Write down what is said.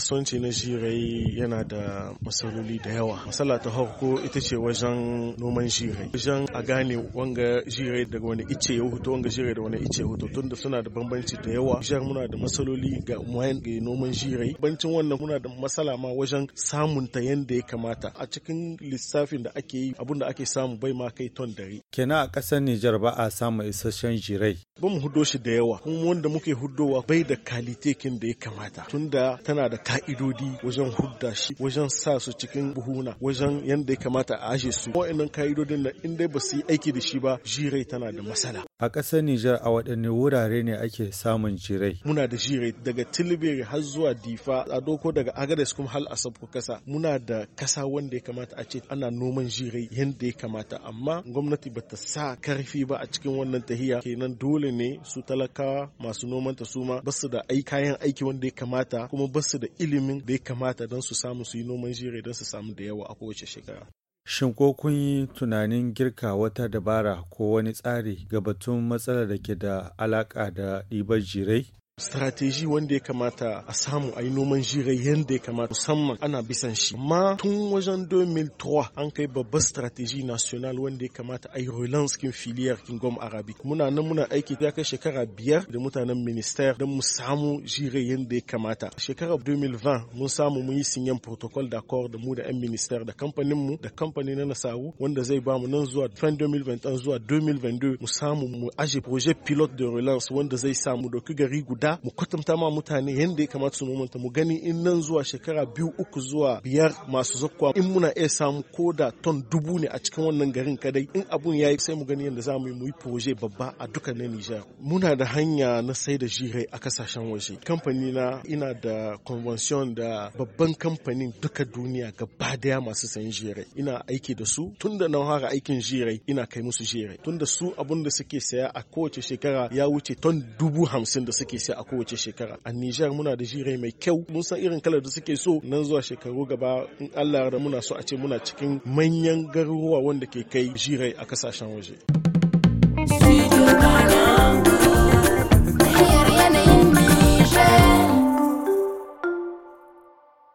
kasuwanci na shirai yana da matsaloli da yawa matsala ta farko ita ce wajen noman shirai wajen a gane wanga shirai daga wani ice ya huto wanga shirai da wani ice ya tun da suna da bambanci da yawa wajen muna da matsaloli ga mayan ga noman shirai bancin wannan muna da matsala ma wajen samun ta yanda ya kamata a cikin lissafin da ake yi abin da ake samu bai ma kai ton dari kenan a ƙasar Nijar ba a samu isasshen jirai ba mu hudo shi da yawa kuma wanda muke hudowa bai da kalitekin da ya kamata tun da tana da ka'idodi wajen hudda shi wajen sa su cikin buhuna wajen yadda ya kamata a ashe su wa'annan ka'idodin na in dai ba su yi aiki da shi ba jirai tana da matsala A ƙasar Nijar a waɗanne wurare ne ake samun jirai? Muna da jirai daga Tilbiri har zuwa Difa, a doko daga Agadez kuma hal Asab kasa. Muna da kasa wanda ya kamata a ce ana noman jirai yadda ya kamata, amma gwamnati bata sa karfi ba a cikin wannan tahiya kenan dole ne su talakawa masu noman ta suma su da ai kayan aiki wanda ya kamata kuma su da ilimin da ya kamata don su samu su yi noman jirai don su samu da yawa a kowace shekara. Shin ko kun yi tunanin girka wata dabara ko wani tsari ga batun matsalar da ke da alaƙa da ɗibar jirai? strateji wanda ya kamata a samu a yi noman jirai yadda ya kamata musamman ana bisan shi amma tun wajen 2003 an kai babbar strateji national wanda ya kamata a yi relance kin filiyar kingdom arabic muna nan muna aiki ya kai shekara biyar da mutanen minister don mu samu jirai yadda ya kamata shekarar 2020 mun samu mun yi sinyan protocol da da mu da 'yan minister da kamfanin mu da kamfani na nasaru wanda zai mu nan zuwa fin 2021 zuwa 2022 mu samu mu aje projet pilot de relance wanda zai samu doki gari guda ta mu kwatanta ma mutane yadda ya kamata su nomanta mu gani in nan zuwa shekara biyu uku zuwa biyar masu zakkuwa in muna iya samu ko da ton dubu ne a cikin wannan garin kadai in abun ya yi sai mu gani yadda za mu yi mu yi proje babba a duka na Nijar. Muna da hanya na sai da jirai a kasashen waje. Kamfani na ina da convention da babban kamfanin duka duniya gaba daya masu sayan jirai. Ina aiki da su tun da na fara aikin jirai ina kai musu jirai. Tun da su abun da suke saya a kowace shekara ya wuce ton dubu hamsin da suke saya a kowace shekara a Nijar muna da jirai mai kyau mun san irin kalar da suke so nan zuwa shekaru gaba in Allah da muna so a ce muna cikin manyan garuruwa wanda ke kai jirai a kasashen waje.